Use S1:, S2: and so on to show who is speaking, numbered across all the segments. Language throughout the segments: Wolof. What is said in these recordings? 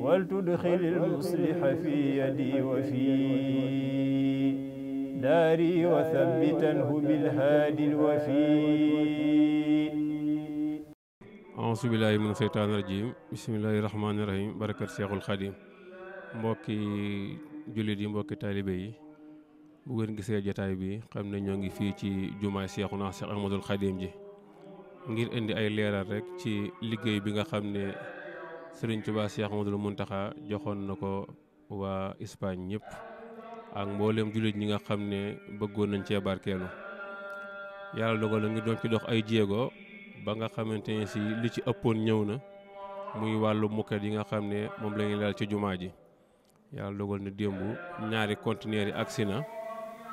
S1: ولتدخل المصلح في يدي وفي داري وثبتنه بالهادي الوفي أعوذ بالله من الشيطان الرجيم mbokki jullit yi mbokki taalibe yi bu gisee jataay bi xam ne ñoo ngi fii ci jumaay Seexuna Seex Ahmadul Xaadim ji ngir indi ay leeral rek ci liggéey bi nga xam ne sëriñ Tuubaa Cheikh Modou taxa joxoon na ko waa Espagne ñépp ak mboolem jullit ñi nga xam ne bëggoon nañ cee barkeelu yàlla dogal na ngi doon ci dox ay jéego ba nga xamante ne si li ci ëppoon ñëw na muy wàllu mukket yi nga xam ne moom la ñuy ci jumaa ji yàlla dogal na démb ñaari conteneur yi agsi na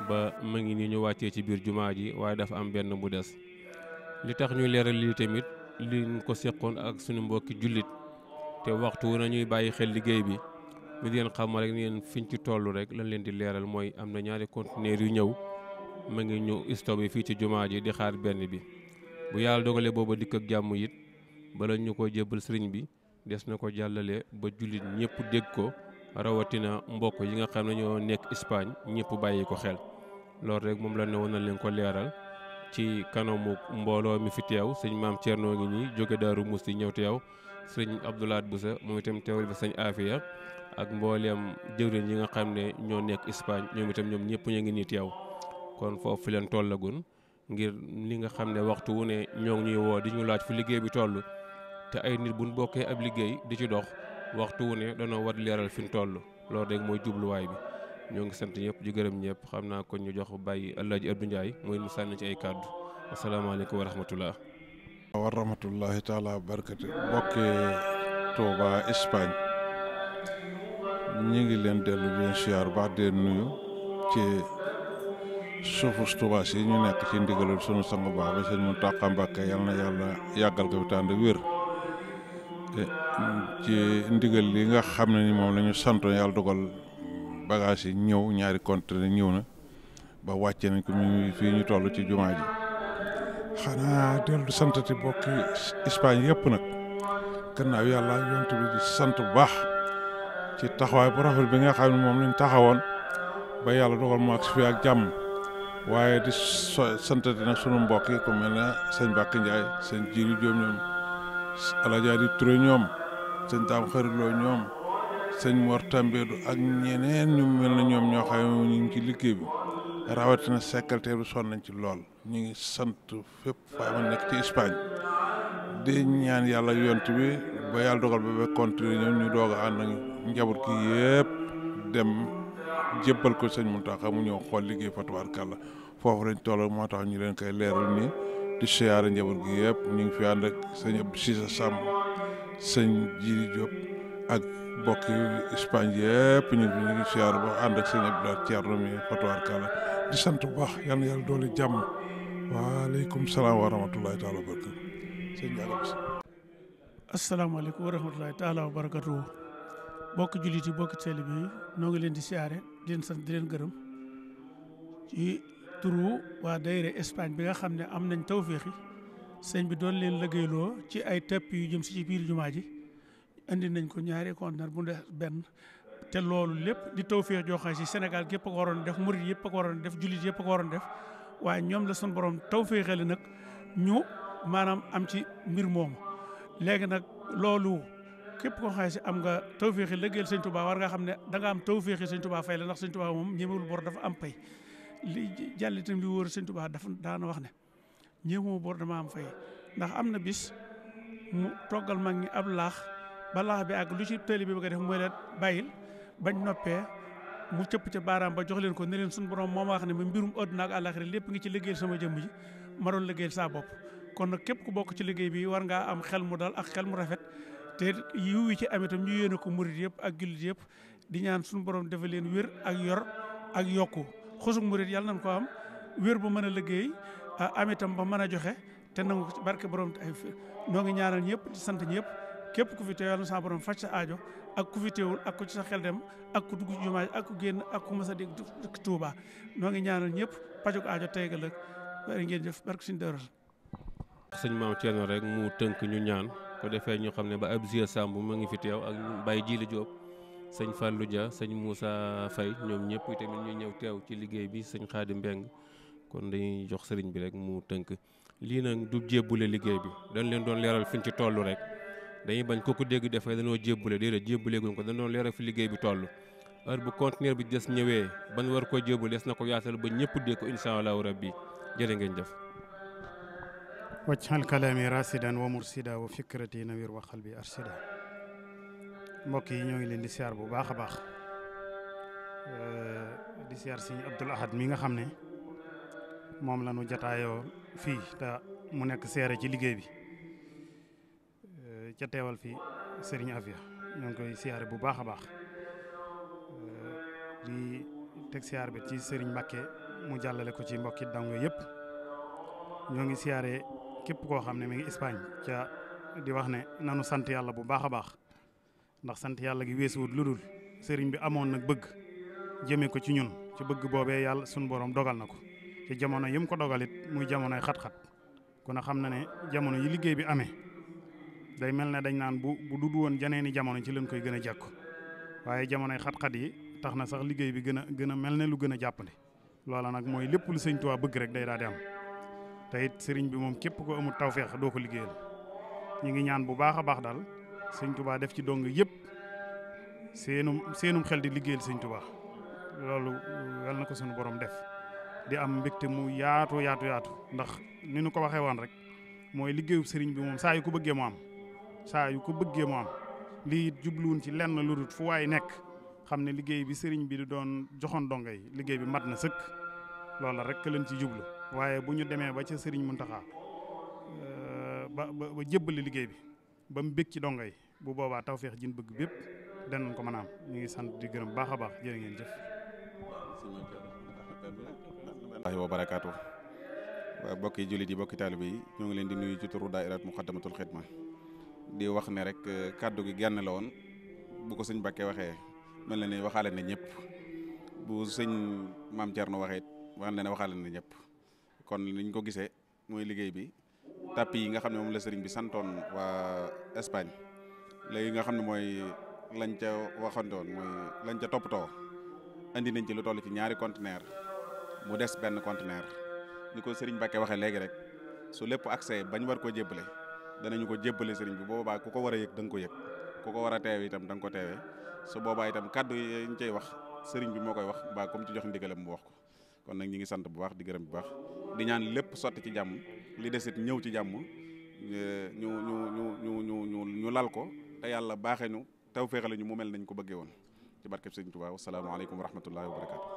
S1: ba ma ngi nii ñu wàccee ci biir jumaa ji waaye dafa am benn bu des li tax ñuy leeral lii tamit liñ ko seqoon ak suñu mbokki jullit te waxtu nañuy bàyyi xel liggéey bi mi di leen xamal rek ni leen fiñ ci toll rek lañ leen di leeral mooy am na ñaari conteneur yu ñëw ma ngi ñëw stock bi fii ci jumaa ji di xaar benn bi bu yàlla dogalee booba dikk ak jàmm it bala ñu ko jébbal sëriñ bi des na ko jàllale ba jullit ñëpp dégg ko rawatina mbokk yi nga xam ne ñoo nekk Espagne ñëpp bàyyi ko xel loolu rek moom la ne woon na leen ko leeral ci kanamu mbooloo mi fi teew sëñ maam Thierno ngi ñi jóge Daaru Musti ñëw teew sëñ Abdoulaat Boussa moom itam teewal bi sëñ Afia ak mbooleem jëwriñ yi nga xam ne ñoo nekk Espagne ñoom itam ñoom ñëpp ñu ngi nii teew kon foofu leen tollagun ngir li nga xam ne waxtu wu ne ñoo ñuy woo di ñu laaj fu liggéey bi toll te ay nit buñ bokkee ab liggéey di ci dox waxtu wu ne danoo war leeral fi ñu toll loolu rek mooy jubluwaay bi ñoo ngi sant ñëpp di gërëm ñëpp xam naa ko ñu jox bàyyi El Hadj Abdou mooy mu sànni ci ay kàddu asalaamaaleykum wa rahmatullah
S2: wa rahmatullahi taala wa barakatu bokki Touba Espagne ñi ngi leen dellu leen siyaar baax deen nuyu ci suufu Touba si ñu nekk ci ndigalul sunu sang baax ba sëñ Mountakha Mbacké yal na yàlla yàggal ko fi tànd wér ci ndigal li nga xam na ni moom la ñu santoon yàlla dogal bagage yi ñëw ñaari conteneur ñëw na ba wàcce nañ ko mu ñu toll ci jumaa ji xanaa dellu santati bokki Espagne yëpp nag gannaaw yàlla yontu bi di sant bu baax ci taxawaay bu rafet bi nga xam ne moom lañ taxawoon ba yàlla dogal mu ak si fi ak jàmm waaye di santati nag sunu mbokk yi ku mel ne sëñ Bakki Ndiaye sëñ Jiri Diop ñoom Alaja di Touré ñoom sëñ Dame Xariloo ñoom sëñ Mor Tambédou ak ñeneen ñu mel na ñoom ñoo xam ne ñu ngi ci liggéey bi rawatina secrétaire bi son nañ ci lool ñu ngi sant fépp faa ma nekk ci Espagne di ñaan yàlla yont bi ba yàlla dogal ba ba continuer ñu doog a ànd ak njaboot gi yëpp dem jébbal ko sëñ Mountakha mu ñëw xool liggéey fa tubaarkàlla foofu lañ toll moo tax ñu leen koy leeral nii di siyaare njaboot gi yëpp ñu ngi fi ànd ak sëñ Abdou Cissé Sam sëñ Jiri Diop ak mbokk Espagne yëpp ñu ngi siyaare ba ànd ak sëñ Abdou Thierno mi fa tubaarkàlla di sant bu baax yal na yàlla doole jàmm waaleykum salaam wa rahmatullahi taala wa barakatu sëñ bi alhamdulilah.
S3: asalaamaaleykum wa rahmatullahi taala wa barakatu bokk jullit yi bokk teel bi noo ngi leen di siyaare di leen sant di leen gërëm ci turu waa daayira Espagne bi nga xam ne am nañ tawféexi sëñ bi doon leen liggéeyloo ci ay tepp yu jëm si ci biir jumaa ji indi nañ ko ñaari conteneur bu def benn. te loolu lépp di tawféex joo xam si Sénégal gépp ko waroon def murit yëpp ko waroon def jullit yëpp ko waroon def waaye ñoom la suñu borom tawféexale nag ñu maanaam am ci mbir moomu. léegi nag loolu képp koo xam am nga tawféexi liggéeyal sëñ Touba war nga xam ne da nga am tawféexi sëñ Touba fay la ndax sëñ Touba moom ñemewul bor dafa am pay li jàll itam li wóor sëñ Touba dafa daana wax ne ñemewu bor dama am fay ndax am na bis mu toggal mag ñi ab laax ba laax bi ak lu ci tëli bi bëgg a def mooy la bàyyil bañ noppee mu cëpp ca baaraam ba jox leen ko ne leen suñu borom moom a wax ne ma mbirum àddina ak àllaaxira lépp ngi ci liggéeyal sama jëm ji ma doon liggéeyal saa bopp. kon nag képp ku bokk ci liggéey bi war ngaa am xel mu dal ak xel mu rafet te yiw yi ci amitam ñu yéene ko murit yëpp ak jullit yëpp di ñaan suñu borom defal leen wér ak yor ak yokku xosug murit yàlla nañ ko am wér bu mën a liggéey am itam ba mën a joxe te nangu barke borom ay noo ngi ñaanal ñëpp di sant ñëpp képp ku fi teew yàlla na sa borom faj sa aajo ak ku fi teewul ak ku ci sa xel dem ak ku dugg jumaa ak ku génn ak ku mas a dégg dëkk Tuuba noo ngi ñaanal ñëpp pajug aajo tey ëllëg bari ngeen jëf barke suñu dërër
S1: sëñ rek mu tënk ñu ñaan ko defee ñoo xam ne ba Abdou Samb mu ngi fi teew ak Baye Djili Diop sëñ Fallou sañ sëñ Moussa Faye ñoom ñëpp tamit ñu ñëw teew ci liggéey bi sëñ Xaadim Mbeng kon dañuy jox sëriñ bi rek mu tënk lii nag du jébbule liggéey bi dañ leen doon leeral fiñ ci toll rek dañuy bañ kooku dégg dafay dañoo jébbale déedéet jébbalegul ko dañoo leeral fi liggéey bi toll heure bu conteneur bi des ñëwee ban war koo jébbal des na ko yaatal ba ñëpp dégg ko incha allahu rabbi jërë ngeen jëf
S4: wajjal kalaami rasidan wa mursida wa fikrati nawir wa xalbi arsida mbokk yi ñoo ngi leen di siyaar bu baax a baax di siyaar sëñ Abdul Ahad mi nga xam ne moom la ñu jataayoo fii te mu nekk seere ci liggéey bi ca teewal fi Serigne Afia ñoo ngi koy siyaare bu baax a baax euh, di teg siyaar bi ci sëriñ Mbacke mu jàllale ko ci mbokki dango yëpp ñoo ngi siyaare képp koo xam ne mi ngi Espagne ca di wax ne nanu sant yàlla bu baax a baax ndax sant yàlla gi weesuwut lu dul sëriñ bi amoon nag bëgg jëmee ko ci ñun ci bëgg boobee yàlla suñu borom dogal na ko ci jamono yi mu ko dogalit muy jamonoy xat-xat kon a xam na ne jamono yi liggéey bi amee day mel na dañ naan bu bu dudd woon janeeni jamono ci lañ koy gën a jàkku waaye jamonoy xat-xat yi tax na sax liggéey bi gën a gën a mel ne lu gën a jàppandi loola nag mooy lépp lu sëñtuwaa bëgg rek day daal am te it sëriñ bi moom képp ko amul tawféex doo ko liggéeyal ñu ngi ñaan bu baax a baax daal sëñtuwaa def ci dong yëpp seenum seenum xel di liggéeyal sëñ Tuubaa loolu yal na ko suñu borom def di am mbégte mu yaatu yaatu yaatu ndax ni nu ko waxee woon rek mooy liggéeyu sëriñ bi moom saa ko bëggee mu am. saa yu ko bëggee mu am lii jubluwun ci lenn lu dul fu waay nekk xam ne liggéey bi sëriñ bi di doon joxoon donga yi liggéey bi mat na sëkk loola rek lañ ci jublu waaye bu ñu demee ba ca sëriñ Muntaxa euh, ba ba jébbali liggéey bi ba mu bég ci donga yi bu boobaa tawféex jin bëgg bépp danañ ko mën a am ñu ngi sant di gërëm baax a baax jërë ngeen jëf.
S5: waaleykum wa barakaatu. mbokki jullit yi mbokki taalibe yi ñoo ngi leen di nuyu ci turu daayiraat Muxaddamatul Xidma di wax ne rek euh, kàddu gi genn la woon bu ko sëñ Bakke waxee mel na ne waxaale na ñëpp bu sëñ maam Thierno waxee wax na ne waxaale na ñëpp kon niñ ko gisee mooy liggéey bi tapis yi nga xam ne moom la sëriñ bi santoon waa Espagne léegi nga xam ne mooy lañ ca waxantoon mooy lañ ca toppatoo andi nañ ci lu toll ci ñaari conteneur mu des benn conteneur ni ko sëriñ Bakke waxee léegi rek su lépp accès bañ war koo jébbale. danañu ko jébbale sëriñ bi boobaa ku ko war a yëg da ko yëg ku ko war a teewe itam da nga ko teewee su boobaa itam kàddu yi ñu cay wax sëriñ bi moo koy wax ba comme ci jox ndigalam mu wax ko kon nag ñi ngi sant bu baax di gërëm bu baax di ñaan lépp sotti ci jàmm li desit ñëw ci jàmm ñu ñu ñu ñu ñu ñu lal ko te yàlla baaxee ñu taw féexale ñu mu mel nañ ko bëggee woon ci barkeb sëriñ Tuubaa wasalaamaaleykum wa rahmatullahi wa barakaatu